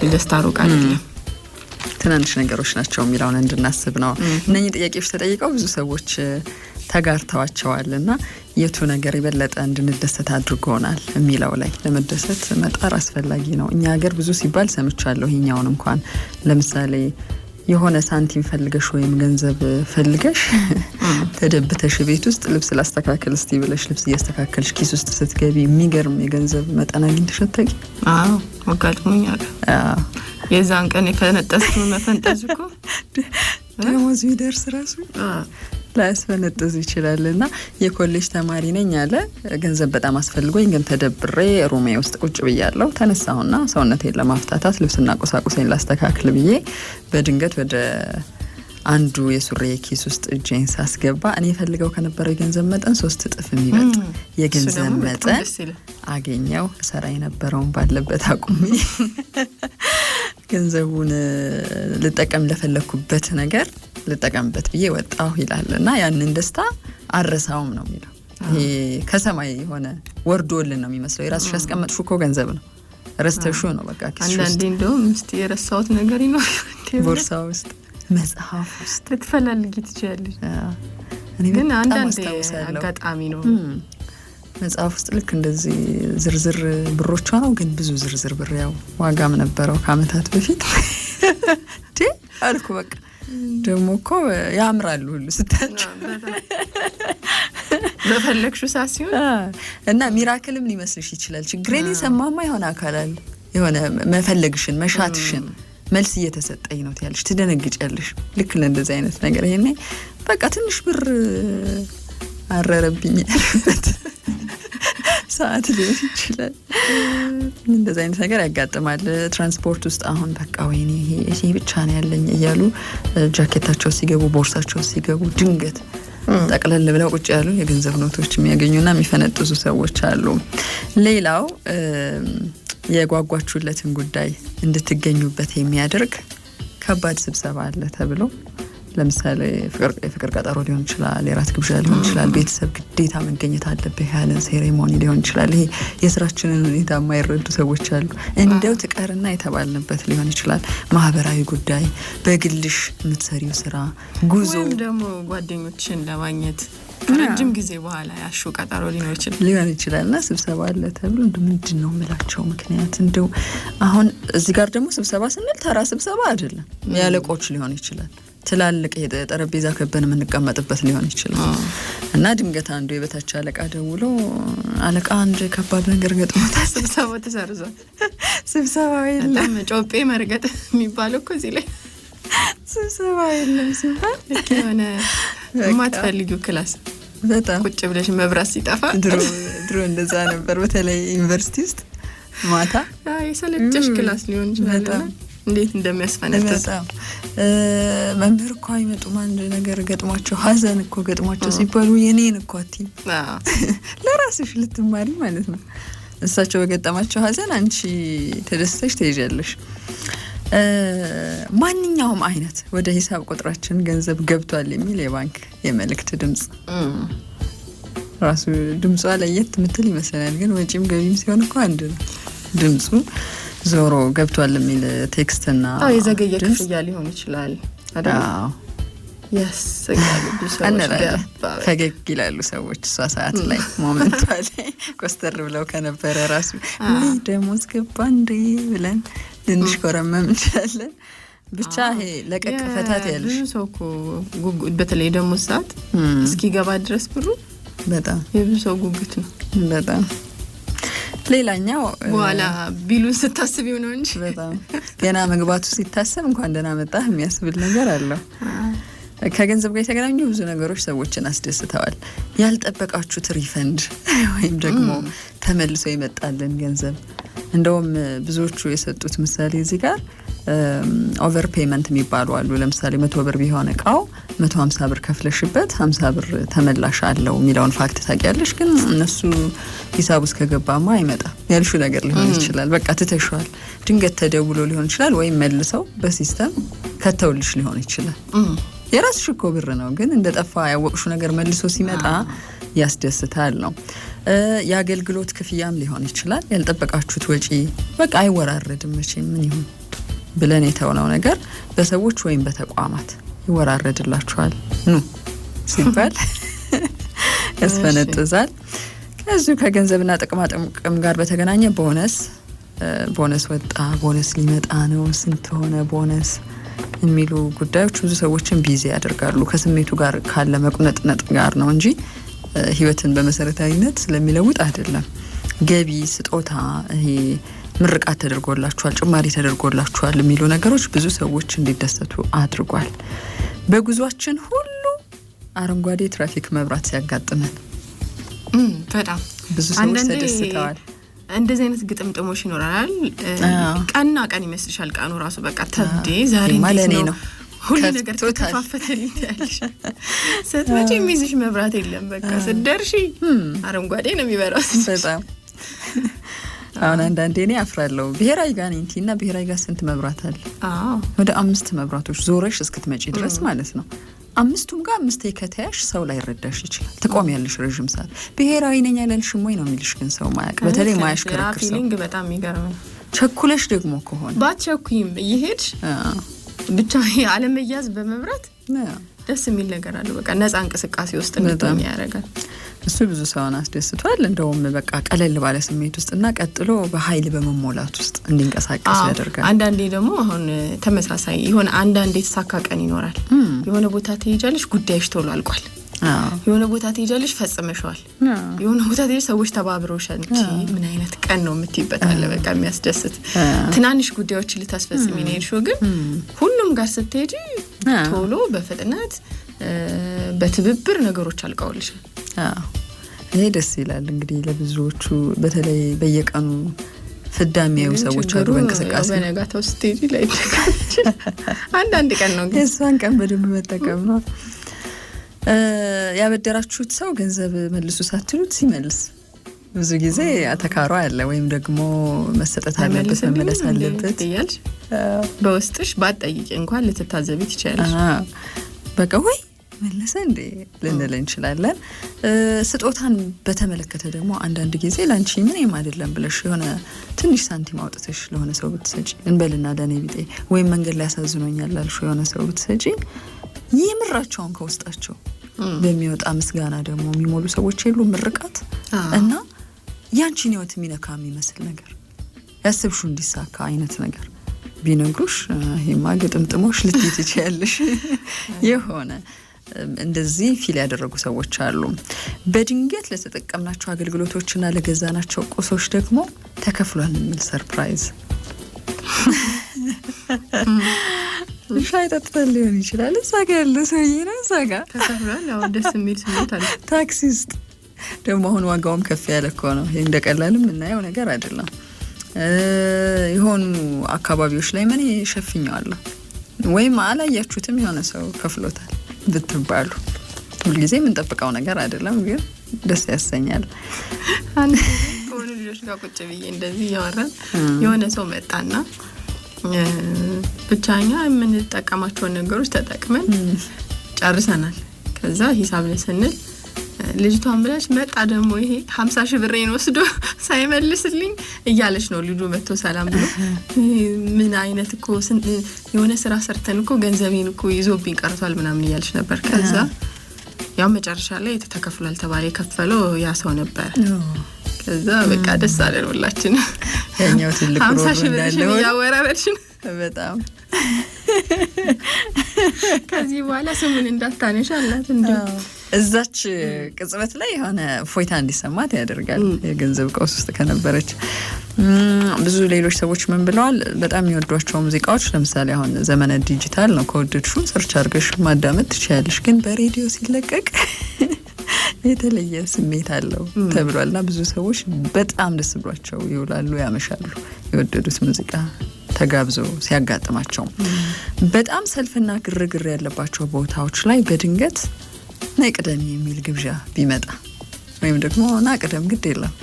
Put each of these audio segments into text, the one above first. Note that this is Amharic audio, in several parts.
የማይችል ደስታ ሩቅ አይደለም። ትናንሽ ነገሮች ናቸው የሚለውን እንድናስብ ነው። እነኚህ ጥያቄዎች ተጠይቀው ብዙ ሰዎች ተጋርተዋቸዋል እና የቱ ነገር የበለጠ እንድንደሰት አድርጎናል የሚለው ላይ ለመደሰት መጣር አስፈላጊ ነው። እኛ ሀገር ብዙ ሲባል ሰምቻለሁ። ይኛውን እንኳን ለምሳሌ የሆነ ሳንቲም ፈልገሽ ወይም ገንዘብ ፈልገሽ ተደብተሽ ቤት ውስጥ ልብስ ላስተካከል እስቲ ብለሽ ልብስ እያስተካከልሽ ኪስ ውስጥ ስትገቢ የሚገርም የገንዘብ መጠን አግኝተሽ አታውቂ? አጋጥሞኛል። የዛን ቀን የፈነጠስ መፈንጠዝ እኮ ደሞዝ ቢደርስ ራሱ ላያስፈነጥዝ ይችላል። እና የኮሌጅ ተማሪ ነኝ ያለ ገንዘብ በጣም አስፈልጎኝ ግን ተደብሬ ሩሜ ውስጥ ቁጭ ብያለው ተነሳሁና ሰውነቴን ለማፍታታት ልብስና ቁሳቁሴን ላስተካክል ብዬ በድንገት ወደ አንዱ የሱሪ ኪስ ውስጥ እጄን ሳስገባ እኔ ፈልገው ከነበረው የገንዘብ መጠን ሶስት እጥፍ የሚበልጥ የገንዘብ መጠን አገኘው። ሰራ የነበረውን ባለበት አቁሜ ገንዘቡን ልጠቀም ለፈለግኩበት ነገር ልጠቀምበት ብዬ ወጣሁ ይላል እና ያንን ደስታ አረሳውም ነው የሚለው። ይሄ ከሰማይ የሆነ ወርዶልን ነው የሚመስለው። የራስሽ ያስቀመጥሽው እኮ ገንዘብ ነው ረስተሹ ነው በቃ። አንዳንዴ እንደውም እስኪ የረሳሁት ነገር ይኖር ቦርሳ ውስጥ፣ መጽሐፍ ውስጥ ልትፈላልጊ ትችያለሽ። ግን አንዳንዴ አጋጣሚ ነው መጽሐፍ ውስጥ ልክ እንደዚህ ዝርዝር ብሮቿ ነው፣ ግን ብዙ ዝርዝር ብር ያው ዋጋም ነበረው ከአመታት በፊት አልኩ። በቃ ደግሞ እኮ ያምራሉ ሁሉ ስታቸው በፈለግሹ ሳ ሲሆን እና ሚራክልም ሊመስልሽ ይችላል። ችግሬን የሰማማ የሆነ አካላል የሆነ መፈለግሽን መሻትሽን መልስ እየተሰጠኝ ነው ትያለሽ፣ ትደነግጫለሽ። ልክ ለእንደዚህ አይነት ነገር ይሄኔ በቃ ትንሽ ብር አረረብኝ ያለበት ሰዓት ሊሆን ይችላል። እንደዚ አይነት ነገር ያጋጥማል። ትራንስፖርት ውስጥ አሁን በቃ ወይኔ ይሄ ብቻ ነው ያለኝ እያሉ ጃኬታቸው ሲገቡ፣ ቦርሳቸው ሲገቡ ድንገት ጠቅለል ብለው ቁጭ ያሉ የገንዘብ ኖቶች የሚያገኙና የሚፈነጥዙ ሰዎች አሉ። ሌላው የጓጓችሁለትን ጉዳይ እንድትገኙበት የሚያደርግ ከባድ ስብሰባ አለ ተብሎ ለምሳሌ የፍቅር ቀጠሮ ሊሆን ይችላል፣ የራት ግብዣ ሊሆን ይችላል፣ ቤተሰብ ግዴታ መገኘት አለብህ ያለ ሴሬሞኒ ሊሆን ይችላል። ይሄ የስራችንን ሁኔታ የማይረዱ ሰዎች አሉ። እንደው ትቀርና የተባልንበት ሊሆን ይችላል። ማህበራዊ ጉዳይ፣ በግልሽ የምትሰሪው ስራ፣ ጉዞ ደግሞ ጓደኞችን ለማግኘት ረጅም ጊዜ በኋላ ያሹ ቀጠሮ ሊኖር ይችላል ሊሆን ይችላል እና ስብሰባ አለ ተብሎ እንደ ምንድን ነው የምላቸው ምክንያት እንደው አሁን እዚህ ጋር ደግሞ ስብሰባ ስንል ተራ ስብሰባ አይደለም፣ ያለቆች ሊሆን ይችላል ትላልቅ ጠረጴዛ ከበን የምንቀመጥበት ሊሆን ይችላል እና ድንገት አንዱ የበታች አለቃ ደውሎ አለቃ አንድ ከባድ ነገር ገጥሞታ ስብሰባ ተሰርዟል፣ ስብሰባ የለም። ጮጴ መርገጥ የሚባለው እኮ እዚህ ላይ ስብሰባ የለም ሲባል የሆነ የማትፈልጊው ክላስ በጣም ቁጭ ብለሽ መብራት ሲጠፋ ድሮ እንደዛ ነበር። በተለይ ዩኒቨርሲቲ ውስጥ ማታ የሰለጨሽ ክላስ ሊሆን ይችላል። እንዴት እንደሚያስፈነጥጥ መምህር እኮ አይመጡም። አንድ ነገር ገጥሟቸው ሀዘን እኮ ገጥሟቸው ሲባሉ የኔን እኮ አትይም፣ ለራስሽ ልትማሪ ማለት ነው። እሳቸው በገጠማቸው ሀዘን አንቺ ተደስተሽ ትሄጃለሽ። ማንኛውም አይነት ወደ ሂሳብ ቁጥራችን ገንዘብ ገብቷል የሚል የባንክ የመልእክት ድምጽ ራሱ ድምጿ ለየት ምትል ይመስላል ግን ወጪም ገቢም ሲሆን እኮ አንድ ነው ድምፁ ዞሮ ገብቷል የሚል ቴክስትና የዘገየ ክፍያ ሊሆን ይችላል። ፈገግ ይላሉ ሰዎች እሷ ሰዓት ላይ ሞመንቷ ላይ ኮስተር ብለው ከነበረ ራሱ ደሞዝ ገባ እንዴ ብለን ትንሽ ኮረመም እንችላለን። ብቻ ይሄ ለቀቅ ፈታት ያለሽ ሰው እኮ በተለይ ደሞዝ ሰዓት እስኪገባ ድረስ ብሩ በጣም የብዙ ሰው ጉጉት ነው በጣም ሌላኛው በኋላ ቢሉን ስታስቢው ነው እንጂ በጣም ገና መግባቱ ሲታሰብ እንኳን ደህና መጣህ የሚያስብል ነገር አለው። ከገንዘብ ጋር የተገናኙ ብዙ ነገሮች ሰዎችን አስደስተዋል። ያልጠበቃችሁት ሪፈንድ ወይም ደግሞ ተመልሶ ይመጣልን ገንዘብ እንደውም ብዙዎቹ የሰጡት ምሳሌ እዚህ ጋር ኦቨር ፔመንት የሚባሉ አሉ። ለምሳሌ መቶ ብር ቢሆን እቃው መቶ ሀምሳ ብር ከፍለሽበት ሀምሳ ብር ተመላሽ አለው የሚለውን ፋክት ታውቂያለሽ። ግን እነሱ ሂሳብ ውስጥ ከገባማ አይመጣም ያልሹ ነገር ሊሆን ይችላል። በቃ ትተሸዋል። ድንገት ተደውሎ ሊሆን ይችላል፣ ወይም መልሰው በሲስተም ከተውልሽ ሊሆን ይችላል። የራስሽ እኮ ብር ነው፣ ግን እንደ ጠፋ ያወቅሹ ነገር መልሶ ሲመጣ ያስደስታል ነው። የአገልግሎት ክፍያም ሊሆን ይችላል። ያልጠበቃችሁት ወጪ በቃ አይወራረድም መቼ ምን ይሁን ብለን የተውነው ነገር በሰዎች ወይም በተቋማት ይወራረድላችኋል ኑ ሲባል ያስፈነጥዛል። ከዚሁ ከገንዘብና ጥቅማጥቅም ጋር በተገናኘ ቦነስ ቦነስ ወጣ፣ ቦነስ ሊመጣ ነው፣ ስንት ሆነ ቦነስ የሚሉ ጉዳዮች ብዙ ሰዎችን ቢዚ ያደርጋሉ። ከስሜቱ ጋር ካለ መቁነጥነጥ ጋር ነው እንጂ ህይወትን በመሰረታዊነት ስለሚለውጥ አይደለም። ገቢ፣ ስጦታ፣ ይሄ ምርቃት ተደርጎላችኋል፣ ጭማሪ ተደርጎላችኋል የሚሉ ነገሮች ብዙ ሰዎች እንዲደሰቱ አድርጓል። በጉዟችን ሁሉ አረንጓዴ ትራፊክ መብራት ሲያጋጥመን በጣም ብዙ ሰዎች ተደስተዋል። እንደዚህ አይነት ግጥምጥሞች ይኖራል። ቀና ቀን ይመስልሻል። ቀኑ ራሱ በቃ ተብዴ ዛሬ ማለት ነው ሁሉ ነገር ተከፋፈተልኝ ያለሽ ስትመጪ የሚይዝሽ መብራት የለም። በቃ ስደርሺ አረንጓዴ ነው የሚበራው በጣም አሁን አንዳንዴ እኔ አፍራለሁ። ብሔራዊ ጋ ነኝ እና ብሔራዊ ጋ ስንት መብራት አለ? ወደ አምስት መብራቶች ዞረሽ እስክትመጪ ድረስ ማለት ነው። አምስቱም ጋር አምስት ከተያሽ ሰው ላይ ረዳሽ ይችላል። ትቆም ያለሽ ረዥም ሰዓት። ብሔራዊ ነኝ ያለልሽም ወይ ነው የሚልሽ ግን ሰው ማያቅ በተለይ ማያሽከረክር ሰው በጣም ይገርም። ቸኩለሽ ደግሞ ከሆነ ባትቸኩይም እየሄድሽ ብቻ አለመያዝ በመብራት ደስ የሚል ነገር አለው። በቃ ነፃ እንቅስቃሴ ውስጥ እንድትሆኝ ያደርጋል። እሱ ብዙ ሰውን አስደስቷል። እንደውም በቃ ቀለል ባለ ስሜት ውስጥ እና ቀጥሎ በኃይል በመሞላት ውስጥ እንዲንቀሳቀስ ያደርጋል። አንዳንዴ ደግሞ አሁን ተመሳሳይ የሆነ አንዳንዴ የተሳካ ቀን ይኖራል። የሆነ ቦታ ትሄጃለሽ፣ ጉዳይሽ ቶሎ አልቋል። የሆነ ቦታ ትሄጃለሽ፣ ፈጽመሸዋል። የሆነ ቦታ ትሄጃለሽ፣ ሰዎች ተባብረው ተባብረውሻል። ምን አይነት ቀን ነው የምትይበታለ። በቃ የሚያስደስት ትናንሽ ጉዳዮች ልታስፈጽሚ ነው የሄድሽው፣ ግን ሁሉም ጋር ስትሄጂ ቶሎ በፍጥነት በትብብር ነገሮች አልቀውልሽ ይሄ ደስ ይላል። እንግዲህ ለብዙዎቹ በተለይ በየቀኑ ፍዳ ሰዎች አሉ። በእንቅስቃሴ በነጋታው ስቴጅ ላይ አንዳንድ ቀን ነው ግን የእሷን ቀን በደንብ መጠቀም ነው። ያበደራችሁት ሰው ገንዘብ መልሱ ሳትሉት ሲመልስ ብዙ ጊዜ አተካሮ አለ፣ ወይም ደግሞ መሰጠት አለበት መመለስ አለበት እያልሽ በውስጥሽ ባትጠይቂ እንኳን ልትታዘቢ ትችላለሽ። በቃ ወይ ተመለሰ እንዴ ልንል እንችላለን። ስጦታን በተመለከተ ደግሞ አንዳንድ ጊዜ ለአንቺ ምንም አይደለም ብለሽ የሆነ ትንሽ ሳንቲም አውጥተሽ ለሆነ ሰው ብትሰጪ እንበልና ለኔ ቢጤ ወይም መንገድ ላይ ያሳዝኖኛል ላልሽ የሆነ ሰው ብትሰጪ የምራቸውን ከውስጣቸው በሚወጣ ምስጋና ደግሞ የሚሞሉ ሰዎች የሉ ምርቃት እና ያንቺን ህይወት የሚነካ የሚመስል ነገር ያስብሹ እንዲሳካ አይነት ነገር ቢነግሩሽ ይሄማ ግጥምጥሞሽ ልትይ ትችያለሽ የሆነ እንደዚህ ፊል ያደረጉ ሰዎች አሉ። በድንገት ለተጠቀምናቸው አገልግሎቶችና ለገዛናቸው ቁሶች ደግሞ ተከፍሏል የሚል ሰርፕራይዝ። ሻይ ጠጥተን ሊሆን ይችላል። እዛ ጋ ያለ ሰውዬ ነው። እዛ ጋ ደስ የሚል ስሜት አለ። ታክሲ ውስጥ ደግሞ አሁን ዋጋውም ከፍ ያለ እኮ ነው። ይህ እንደቀላል የምናየው ነገር አይደለም። የሆኑ አካባቢዎች ላይ ምን ሸፍኘዋለሁ ወይም አላያችሁትም፣ የሆነ ሰው ከፍሎታል። ብትባሉ ሁልጊዜ የምንጠብቀው ነገር አይደለም፣ ግን ደስ ያሰኛል። ከሆኑ ልጆች ጋር ቁጭ ብዬ እንደዚህ እያወራን የሆነ ሰው መጣና ብቻኛ የምንጠቀማቸውን ነገሮች ተጠቅመን ጨርሰናል። ከዛ ሂሳብ ላይ ስንል ልጅቷን ብላች መጣ ደግሞ ይሄ ሀምሳ ሺህ ብሬን ወስዶ ሳይመልስልኝ እያለች ነው ልጁ መጥቶ ሰላም ብሎ ምን አይነት እኮ የሆነ ስራ ሰርተን እኮ ገንዘቤን እኮ ይዞብኝ ቀርቷል ምናምን እያለች ነበር። ከዛ ያው መጨረሻ ላይ ተከፍሏል ተባለ። የከፈለው ያ ሰው ነበር። ከዛ በቃ ደስ አለን ሁላችን። ያኛው ትልቅ ሀምሳ ሺህ ብርሽን እያወራረድሽን በጣም ከዚህ በኋላ ስሙን እንዳታነሻ አላት እንዲ እዛች ቅጽበት ላይ የሆነ እፎይታ እንዲሰማት ያደርጋል። የገንዘብ ቀውስ ውስጥ ከነበረች ብዙ ሌሎች ሰዎች ምን ብለዋል? በጣም የሚወዷቸው ሙዚቃዎች ለምሳሌ አሁን ዘመነ ዲጂታል ነው። ከወደድሹ ሰርች አድርገሽ ማዳመጥ ትችያለሽ፣ ግን በሬዲዮ ሲለቀቅ የተለየ ስሜት አለው ተብሏል እና ብዙ ሰዎች በጣም ደስ ብሏቸው ይውላሉ፣ ያመሻሉ የወደዱት ሙዚቃ ተጋብዞ ሲያጋጥማቸው። በጣም ሰልፍና ግርግር ያለባቸው ቦታዎች ላይ በድንገት ቅደም የሚል ግብዣ ቢመጣ ወይም ደግሞ ና ቅደም ግድ የለም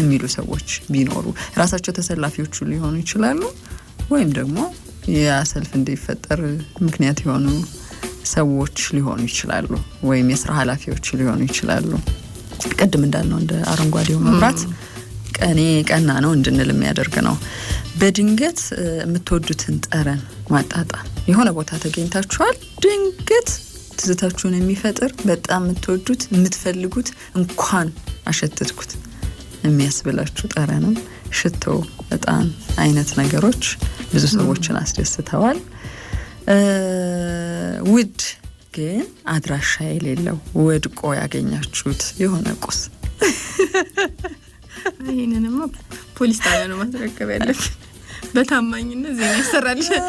የሚሉ ሰዎች ቢኖሩ ራሳቸው ተሰላፊዎቹ ሊሆኑ ይችላሉ፣ ወይም ደግሞ ያ ሰልፍ እንዲፈጠር ምክንያት የሆኑ ሰዎች ሊሆኑ ይችላሉ፣ ወይም የስራ ኃላፊዎች ሊሆኑ ይችላሉ። ቅድም እንዳልነው እንደ አረንጓዴው መብራት ቀኔ ቀና ነው እንድንል የሚያደርግ ነው። በድንገት የምትወዱትን ጠረን ማጣጣም የሆነ ቦታ ተገኝታችኋል ድንገት ትዝታችሁን የሚፈጥር በጣም የምትወዱት የምትፈልጉት እንኳን አሸተትኩት የሚያስብላችሁ ጠረንም ሽቶ፣ እጣን አይነት ነገሮች ብዙ ሰዎችን አስደስተዋል። ውድ ግን አድራሻ የሌለው ወድቆ ያገኛችሁት የሆነ ቁስ ይህንንማ ፖሊስ ጣቢያ ነው ማስረከብ ያለብን። በታማኝነት ዜና ይሰራልሻል።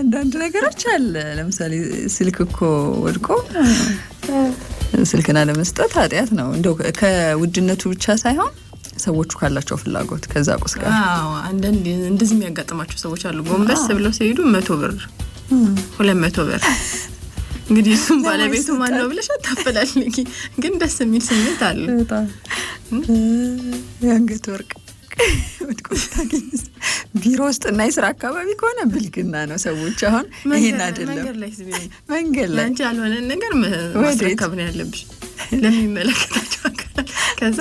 አንዳንድ ነገሮች አለ። ለምሳሌ ስልክ እኮ ወድቆ ስልክን አለመስጠት ኃጢአት ነው። እንደው ከውድነቱ ብቻ ሳይሆን ሰዎቹ ካላቸው ፍላጎት ከዛ ቁስ ጋር አንዳንድ እንደዚህ የሚያጋጥማቸው ሰዎች አሉ። ጎንበስ ብለው ሲሄዱ መቶ ብር ሁለት መቶ ብር እንግዲህ እሱም ባለቤቱ ማን ነው ብለሽ አታፈላል። ግን ደስ የሚል ስሜት አለ። የአንገት ወርቅ ወድቆ ታገኝ ቢሮ ውስጥ እና የስራ አካባቢ ከሆነ ብልግና ነው። ሰዎች አሁን ይሄን አይደለም መንገድ ላይ አንቺ ያልሆነ ነገር ማስረከብ ነው ያለብሽ ለሚመለከታቸው አካላት። ከዛ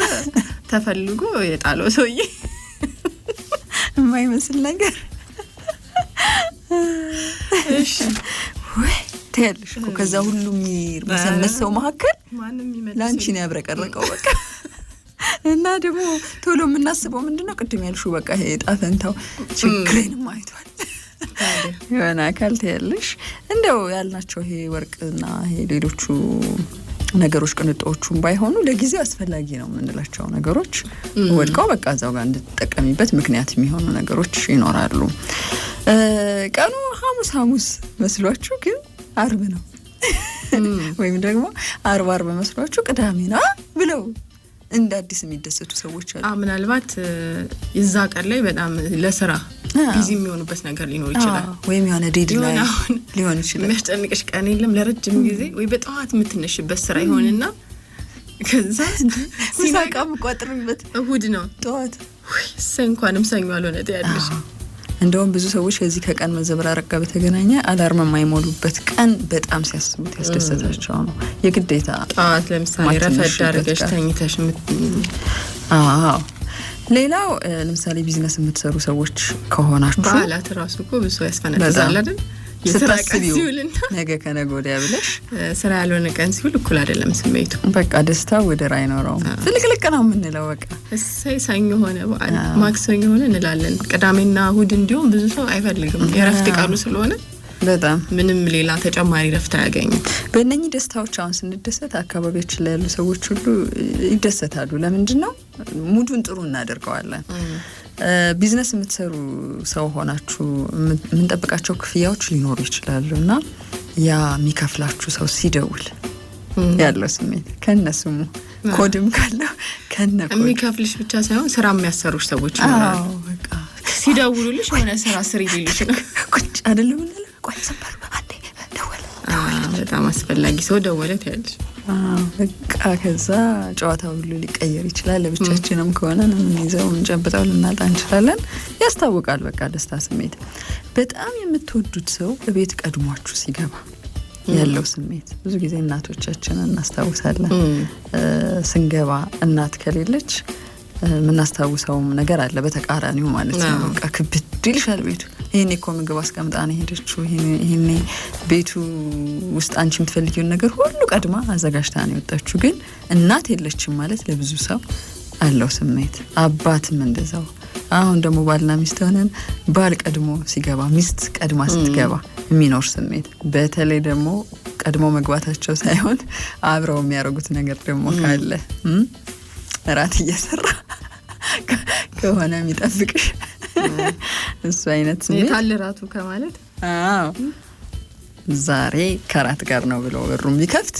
ተፈልጎ የጣለው ሰውዬ የማይመስል ነገር እሺ ወይ ትያለሽ እኮ ከዛ ሁሉ የሚርመሰመስ ሰው መካከል ለአንቺ ነው ያብረቀረቀው በቃ እና ደግሞ ቶሎ የምናስበው ምንድነው ቅድም ያልሽው በቃ ይሄ ጣፈንታው ችግሬንም አይቷል የሆነ አካል ትያለሽ። እንደው ያልናቸው ይሄ ወርቅና ይሄ ሌሎቹ ነገሮች ቅንጦዎቹም ባይሆኑ ለጊዜው አስፈላጊ ነው የምንላቸው ነገሮች ወድቀው በቃ እዛው ጋር እንድትጠቀሚበት ምክንያት የሚሆኑ ነገሮች ይኖራሉ። ቀኑ ሐሙስ ሐሙስ መስሏችሁ ግን አርብ ነው ወይም ደግሞ አርብ አርብ መስሏችሁ ቅዳሜ ነው ብለው እንደ አዲስ የሚደሰቱ ሰዎች አሉ። ምናልባት የዛ ቀን ላይ በጣም ለስራ ቢዚ የሚሆኑበት ነገር ሊኖር ይችላል፣ ወይም የሆነ ዴድ ላይ ሊሆን ይችላል። የሚያስጨንቅሽ ቀን የለም ለረጅም ጊዜ ወይ በጠዋት የምትነሽበት ስራ ይሆንና ከዛ ሲበቃ የምቆጥርበት እሁድ ነው ጠዋት። ሰ እንኳንም ሰኞ አልሆነ ያለሽ እንደውም ብዙ ሰዎች ከዚህ ከቀን መዘበራረቅ ጋር በተገናኘ አላርም የማይሞሉበት ቀን በጣም ሲያስቡት ያስደሰታቸው ነው። የግዴታ ጠዋት ለምሳሌ ረፈድ አድርገሽ ተኝተሽ ሌላው ለምሳሌ ቢዝነስ የምትሰሩ ሰዎች ከሆናችሁ በዓላት ራሱ እኮ ብዙ ያስፈነድዛል አይደል? የስራ ቀን ሲውልና ነገ ከነገ ወዲያ ብለሽ ስራ ያልሆነ ቀን ሲውል እኩል አይደለም ስሜቱ። በቃ ደስታ ወደር አይኖረውም። ፍልቅልቅ ነው የምንለው። በቃ እሰይ ሰኞ ሆነ፣ በዓል ማክሰኞ ሆነ እንላለን። ቅዳሜና እሁድ እንዲሁም ብዙ ሰው አይፈልግም የረፍት ቀኑ ስለሆነ በጣም ምንም ሌላ ተጨማሪ ረፍት አያገኝም። በእነኚህ ደስታዎች አሁን ስንደሰት አካባቢያችን ላይ ያሉ ሰዎች ሁሉ ይደሰታሉ። ለምንድን ነው ሙዱን ጥሩ እናደርገዋለን። ቢዝነስ የምትሰሩ ሰው ሆናችሁ የምንጠብቃቸው ክፍያዎች ሊኖሩ ይችላሉ እና ያ የሚከፍላችሁ ሰው ሲደውል ያለው ስሜት ከነስሙ ኮድም ካለው ከነ የሚከፍልሽ ብቻ ሳይሆን ስራ የሚያሰሩች ሰዎች ይኖራሉ። ሲደውሉልሽ የሆነ ስራ ስሪ ሊልሽ ነው። ቁጭ ደወለ። በጣም አስፈላጊ ሰው ደወለ ትያለሽ። በቃ ከዛ ጨዋታ ሁሉ ሊቀየር ይችላል። ለብቻችንም ከሆነ የምንይዘው ምንጨብጠው ልናጣ እንችላለን። ያስታውቃል። በቃ ደስታ ስሜት። በጣም የምትወዱት ሰው በቤት ቀድሟችሁ ሲገባ ያለው ስሜት ብዙ ጊዜ እናቶቻችንን እናስታውሳለን። ስንገባ እናት ከሌለች የምናስታውሰውም ነገር አለ፣ በተቃራኒው ማለት ነው። በቃ ክብድ ይልሻል ቤቱ ይህኔ እኮ ምግብ አስቀምጣ ነው የሄደችው፣ ይህኔ ቤቱ ውስጥ አንቺ የምትፈልጊውን ነገር ሁሉ ቀድማ አዘጋጅታ ነው የወጣችሁ። ግን እናት የለችም ማለት ለብዙ ሰው አለው ስሜት፣ አባትም እንደዛው። አሁን ደግሞ ባልና ሚስት ሆነን ባል ቀድሞ ሲገባ ሚስት ቀድማ ስትገባ የሚኖር ስሜት በተለይ ደግሞ ቀድሞ መግባታቸው ሳይሆን አብረው የሚያደርጉት ነገር ደግሞ ካለ እራት እየሰራ ከሆነ የሚጠብቅሽ እሱ አይነት ስሜት የታልራቱ ከማለት ዛሬ ከራት ጋር ነው ብለው በሩም ቢከፍት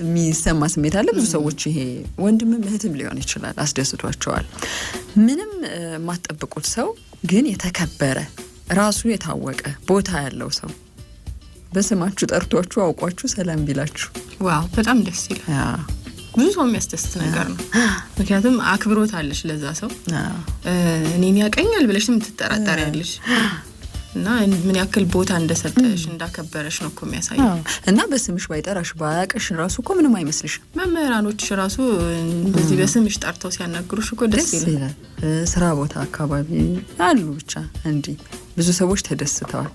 የሚሰማ ስሜት አለ። ብዙ ሰዎች ይሄ ወንድምም እህትም ሊሆን ይችላል አስደስቷቸዋል። ምንም የማትጠብቁት ሰው ግን የተከበረ ራሱ የታወቀ ቦታ ያለው ሰው በስማችሁ ጠርቷችሁ አውቋችሁ ሰላም ቢላችሁ ዋው በጣም ደስ ይላል። ብዙ ሰው የሚያስደስት ነገር ነው። ምክንያቱም አክብሮት አለሽ ለዛ ሰው። እኔን ያቀኛል ብለሽ ትጠራጠሪ ያለሽ እና ምን ያክል ቦታ እንደሰጠሽ እንዳከበረሽ ነው እኮ የሚያሳየው። እና በስምሽ ባይጠራሽ ባያቀሽ ራሱ እኮ ምንም አይመስልሽ። መምህራኖች ራሱ እንደዚህ በስምሽ ጠርተው ሲያናግሩሽ እኮ ደስ ይላል። ስራ ቦታ አካባቢ አሉ ብቻ እንዲህ ብዙ ሰዎች ተደስተዋል።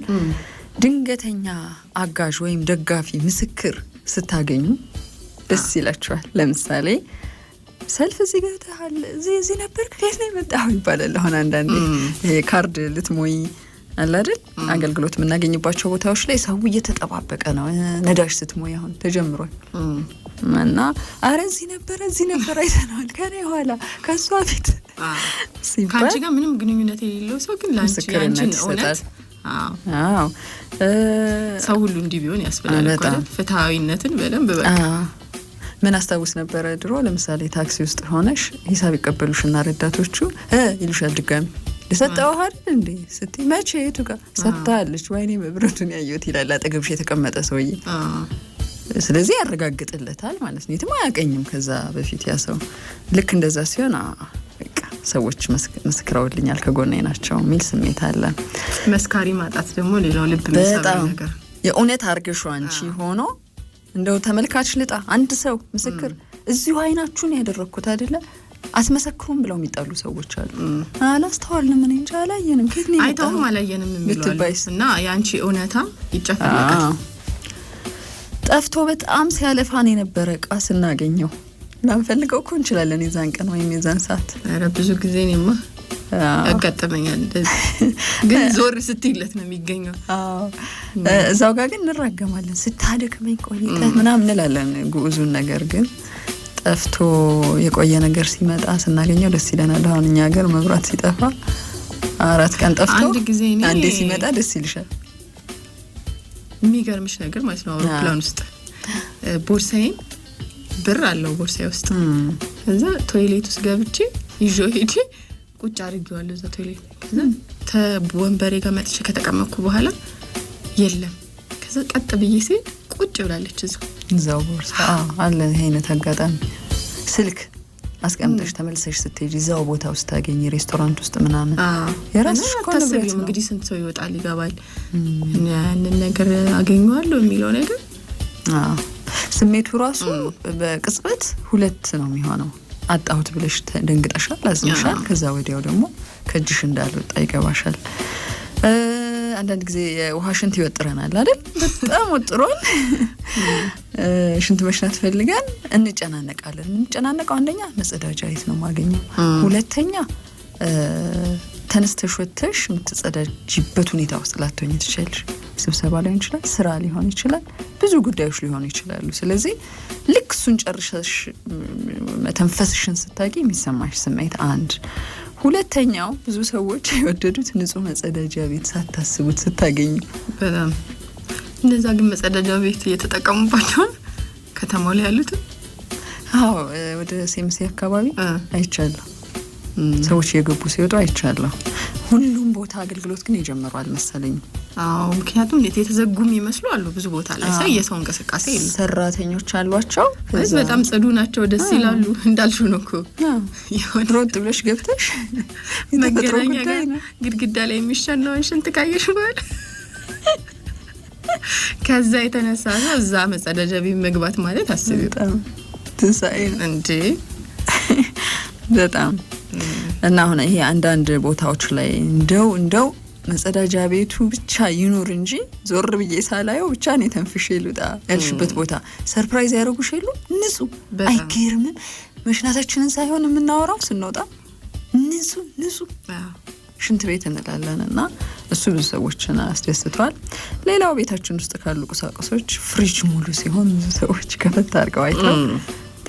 ድንገተኛ አጋዥ ወይም ደጋፊ ምስክር ስታገኙ ደስ ይላችኋል። ለምሳሌ ሰልፍ እዚህ ገብተሃል፣ እዚህ ነበር ከየት ነው የመጣው ይባላል። አሁን አንዳንዴ ካርድ ልትሞይ አላደል አገልግሎት የምናገኝባቸው ቦታዎች ላይ ሰው እየተጠባበቀ ነው። ነዳጅ ስትሞይ አሁን ተጀምሯል እና አረ እዚህ ነበረ እዚህ ነበረ አይተነዋል፣ ከኔ ኋላ ከእሷ ፊት ከአንቺ ጋር ምንም ግንኙነት የሌለው ሰው ግን ለአንቺ እውነት ሰው ሁሉ እንዲህ ቢሆን ያስብላል። ፍትሐዊነትን በደንብ በቃ ምን አስታውስ ነበረ ድሮ ለምሳሌ ታክሲ ውስጥ ሆነሽ ሂሳብ ይቀበሉሽና ረዳቶቹ ይሉሻል ድጋሚ ሀል እንዴ ስቲ መቼ የቱ ጋር ሰጥታለች ወይኔ መብረቱን ያየት ይላል አጠገብሽ የተቀመጠ ሰውዬ ስለዚህ ያረጋግጥለታል ማለት ነው የትም አያቀኝም ከዛ በፊት ያ ሰው ልክ እንደዛ ሲሆን ሰዎች መስክረውልኛል ከጎኔ ናቸው የሚል ስሜት አለ መስካሪ ማጣት ደግሞ ሌላው ልብ በጣም የእውነት አርገሹ አንቺ ሆኖ እንደው ተመልካች ልጣ አንድ ሰው ምስክር እዚሁ አይናችሁን ያደረግኩት አይደለ አስመሰክሩም ብለው የሚጠሉ ሰዎች አሉ። አላስተዋልንም፣ እኔ እንጂ አላየንም፣ ከት አይተውም አላየንም የሚባሉት እና የአንቺ እውነታ ይጨፈልቃል። ጠፍቶ በጣም ሲያለፋን የነበረ እቃ ስናገኘው ላንፈልገው እኮ እንችላለን የዛን ቀን ወይም የዛን ሰዓት። ኧረ ብዙ ጊዜ እኔማ ያጋጠመኛል። ግን ዞር ስትይለት ነው የሚገኘው። እዛው ጋር ግን እንራገማለን። ስታደክመኝ ቆይተ ምናምን እንላለን። ጉዙን ነገር ግን ጠፍቶ የቆየ ነገር ሲመጣ ስናገኘው ደስ ይለናል። አሁን እኛ ሀገር መብራት ሲጠፋ አራት ቀን ጠፍቶ አንዴ ሲመጣ ደስ ይልሻል። የሚገርምሽ ነገር ማለት ነው አውሮፕላን ውስጥ ቦርሳዬን ብር አለው ቦርሳዬ ውስጥ እዛ ቶይሌት ውስጥ ገብቼ ይዤ ሄጄ ቁጭ አድርጌዋለሁ እዛ ቶይሌት ከዛ ወንበሬ ጋር መጥቼ ከተቀመጥኩ በኋላ የለም። ከዛ ቀጥ ብዬ ሴ ቁጭ ብላለች እዛው እዛው ቦርሳ አለ። አይነት አጋጣሚ ስልክ አስቀምጠሽ ተመልሰሽ ስትሄጂ እዛው ቦታ ውስጥ ታገኝ ሬስቶራንት ውስጥ ምናምን የራስሽ እንግዲህ ስንት ሰው ይወጣል ይገባል፣ ያንን ነገር አገኘዋለሁ የሚለው ነገር ስሜቱ ራሱ በቅጽበት ሁለት ነው የሚሆነው። አጣሁት ብለሽ ደንግጠሻል፣ አዝንሻል። ከዛ ወዲያው ደግሞ ከእጅሽ እንዳልወጣ ይገባሻል። አንዳንድ ጊዜ የውሃ ሽንት ይወጥረናል አይደል? በጣም ወጥሮን ሽንት መሽናት ፈልገን እንጨናነቃለን። እንጨናነቀው አንደኛ መጸዳጃ ቤት ነው ማገኘው፣ ሁለተኛ ተነስተሽ ወጥተሽ የምትጸዳጅበት ሁኔታ ውስጥ ላትሆኝ ትችላለሽ። ስብሰባ ሊሆን ይችላል፣ ስራ ሊሆን ይችላል፣ ብዙ ጉዳዮች ሊሆኑ ይችላሉ። ስለዚህ ልክ እሱን ጨርሰሽ መተንፈስሽን ስታቂ የሚሰማሽ ስሜት አንድ። ሁለተኛው ብዙ ሰዎች የወደዱት ንጹህ መጸዳጃ ቤት ሳታስቡት ስታገኙ በጣም እነዛ ግን መጸዳጃ ቤት እየተጠቀሙባቸውን ከተማው ላይ ያሉትም አዎ፣ ወደ ሴምሴ አካባቢ አይቻለሁ። ሰዎች የገቡ ሲወጡ አይቻለሁ። ሁሉም ቦታ አገልግሎት ግን የጀመሩ አልመሰለኝም። አዎ፣ ምክንያቱም የተዘጉ የሚመስሉ አሉ። ብዙ ቦታ ላይ ሳይ የሰው እንቅስቃሴ የለም። ሰራተኞች አሏቸው፣ በጣም ጽዱ ናቸው፣ ደስ ይላሉ። እንዳልሹ ነው እኮ ሮጥ ብለሽ ገብተሽ መገናኛ ጋር ግድግዳ ላይ የሚሸናውን ሽንት ካየሽ በኋላ ከዛ የተነሳ ነው እዛ መጸዳጃ ቤት መግባት ማለት አስቢ፣ በጣም ትንሳኤ እንዴ! በጣም እና አሁን ይሄ አንዳንድ ቦታዎች ላይ እንደው እንደው መጸዳጃ ቤቱ ብቻ ይኑር እንጂ ዞር ብዬ ሳላየው ብቻ እኔ ተንፍሼ ልውጣ ያልሽበት ቦታ ሰርፕራይዝ ያደረጉሽ የሉ ንጹህ። አይገርምም? መሽናታችንን ሳይሆን የምናወራው ስንወጣ ንጹህ ንጹህ ሽንት ቤት እንላለን እና እሱ ብዙ ሰዎችን አስደስቷል። ሌላው ቤታችን ውስጥ ካሉ ቁሳቁሶች ፍሪጅ ሙሉ ሲሆን ብዙ ሰዎች ከፈት አድርገው አይተው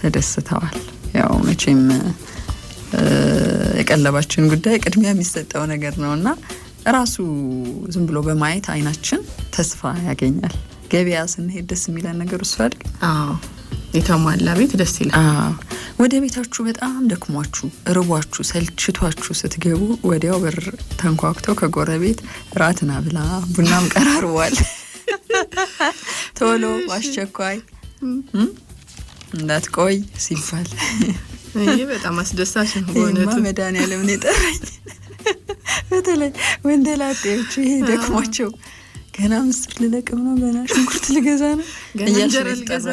ተደስተዋል። ያው መቼም የቀለባችን ጉዳይ ቅድሚያ የሚሰጠው ነገር ነው እና ራሱ ዝም ብሎ በማየት አይናችን ተስፋ ያገኛል። ገበያ ስንሄድ ደስ የሚለን ነገር እሱ አድግ የተሟላ ቤት ደስ ይላል። ወደ ቤታችሁ በጣም ደክሟችሁ ርቧችሁ ሰልችቷችሁ ስትገቡ ወዲያው በር ተንኳኩቶ ከጎረቤት ራትና ብላ ቡናም ቀራርቧል፣ ቶሎ አስቸኳይ እንዳትቆይ ሲባል ይሄ በጣም አስደሳች ነው በእውነቱ። መድኃኒዓለም ነው የጠራኝ። በተለይ ወንደላጤዎች ይሄ ደክሟቸው ገና ምስር ልለቅም ነው፣ ገና ሽንኩርት ልገዛ ነው፣ እንጀራ ልገዛ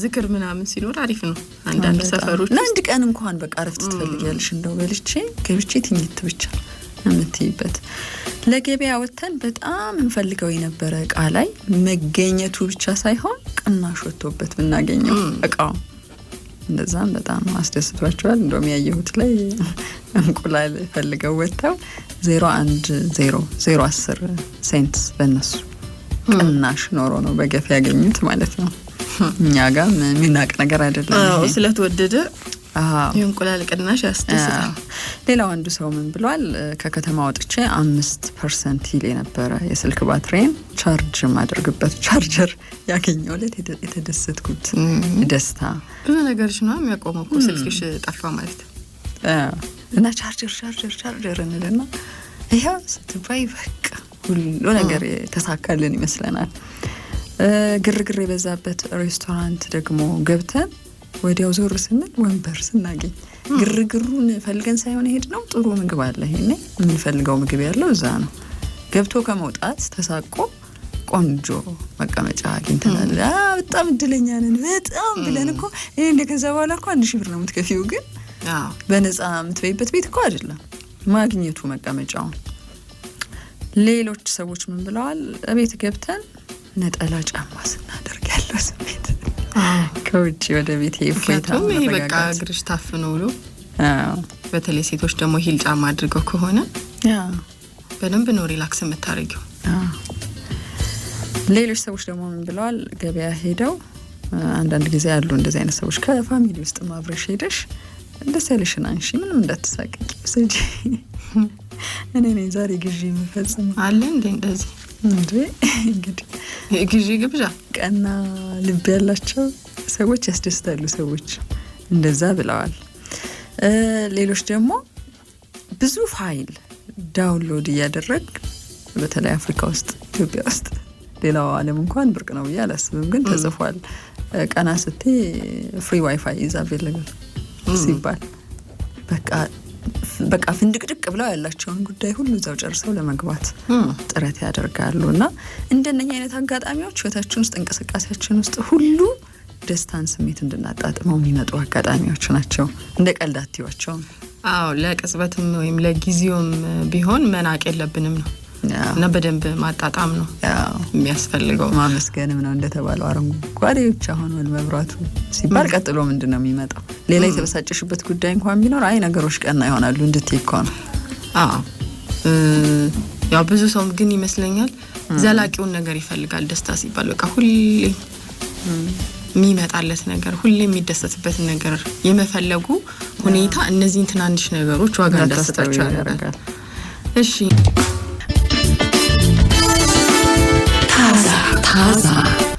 ዝክር ምናምን ሲኖር አሪፍ ነው። አንዳንድ ሰፈሮች ለአንድ ቀን እንኳን በቃ ረፍት ትፈልጊያለሽ። እንደው በልቼ ገብቼ ትኝት ብቻ የምትይበት ለገበያ ወጥተን በጣም እንፈልገው የነበረ እቃ ላይ መገኘቱ ብቻ ሳይሆን ቅናሽ ወጥቶበት ብናገኘው እቃው እንደዛም በጣም አስደስቷቸዋል። እንደውም ያየሁት ላይ እንቁላል ፈልገው ወጥተው ዜሮ አንድ ዜሮ ዜሮ አስር ሴንትስ በእነሱ ቅናሽ ኖሮ ነው በገፍ ያገኙት ማለት ነው። እኛ ጋም የሚናቅ ነገር አይደለም። ስለተወደደ የእንቁላል ቅናሽ ያስደስታል። ሌላው አንዱ ሰው ምን ብሏል? ከከተማ ወጥቼ አምስት ፐርሰንት ይል የነበረ የስልክ ባትሬን ቻርጅ ማደርግበት ቻርጀር ያገኘው ለት የተደሰትኩት ደስታ። ብዙ ነገሮች ነው የሚያቆመው ስልክሽ ጠፋ ማለት እና ቻርጀር ቻርጀር ቻርጀር እንልና ይኸው ስትባይ በቃ ሁሉ ነገር የተሳካልን ይመስለናል። ግርግር የበዛበት ሬስቶራንት ደግሞ ገብተን ወዲያው ዞር ስንል ወንበር ስናገኝ ግርግሩን ፈልገን ሳይሆን ሄድ ነው። ጥሩ ምግብ አለ። ይሄኔ የምንፈልገው ምግብ ያለው እዛ ነው። ገብቶ ከመውጣት ተሳቆ ቆንጆ መቀመጫ አግኝተናል። በጣም እድለኛ ነን በጣም ብለን እኮ ይህ በኋላ እኮ አንድ ሺህ ብር ነው የምትከፊው፣ ግን በነፃ የምትበይበት ቤት እኮ አይደለም ማግኘቱ መቀመጫውን። ሌሎች ሰዎች ምን ብለዋል? ቤት ገብተን ነጠላ ጫማ ስናደርግ ያለው ስሜት ከውጭ ወደ ቤት ፎይታም ይሄ በቃ እግርሽ ታፍኖ ብሎ በተለይ ሴቶች ደግሞ ሂል ጫማ አድርገው ከሆነ በደንብ ነው ሪላክስ የምታደርጊው። ሌሎች ሰዎች ደግሞ ምን ብለዋል? ገበያ ሄደው አንዳንድ ጊዜ ያሉ እንደዚህ አይነት ሰዎች ከፋሚሊ ውስጥ ማብረሽ ሄደሽ እንደስ ያለሽን አንሺ፣ ምንም እንዳትሳቀቂ ስጂ። እኔ ነኝ ዛሬ ግዢ የምፈጽም አለ እንዴ እንደዚህ እንዴ እንግዲህ የግዢ ግብዣ ቀና ልብ ያላቸው ሰዎች ያስደስታሉ። ሰዎች እንደዛ ብለዋል። ሌሎች ደግሞ ብዙ ፋይል ዳውንሎድ እያደረግ በተለይ አፍሪካ ውስጥ ኢትዮጵያ ውስጥ ሌላው ዓለም እንኳን ብርቅ ነው ብዬ አላስብም፣ ግን ተጽፏል። ቀና ስቴ ፍሪ ዋይፋይ ኢዝ አቬለብል ሲባል በቃ በቃ ፍንድቅድቅ ብለው ያላቸውን ጉዳይ ሁሉ እዛው ጨርሰው ለመግባት ጥረት ያደርጋሉ እና እንደነኛ አይነት አጋጣሚዎች ህይወታችን ውስጥ እንቅስቃሴያችን ውስጥ ሁሉ ደስታን ስሜት እንድናጣጥመው የሚመጡ አጋጣሚዎች ናቸው። እንደ ቀልድ አትዩዋቸው። አዎ ለቅጽበትም ወይም ለጊዜውም ቢሆን መናቅ የለብንም ነው እና በደንብ ማጣጣም ነው የሚያስፈልገው። ማመስገንም ነው እንደተባለው። አረንጓዴዎች አሁን መብራቱ ሲባል ቀጥሎ ምንድን ነው የሚመጣው? ሌላ የተበሳጨሽበት ጉዳይ እንኳን ቢኖር አይ ነገሮች ቀና ይሆናሉ እንድትይኳ ነው። ያው ብዙ ሰው ግን ይመስለኛል ዘላቂውን ነገር ይፈልጋል። ደስታ ሲባል በቃ ሁሌ የሚመጣለት ነገር ሁሌ የሚደሰትበት ነገር የመፈለጉ ሁኔታ እነዚህን ትናንሽ ነገሮች ዋጋ እንዳሰጣቸው ያደርጋል። እሺ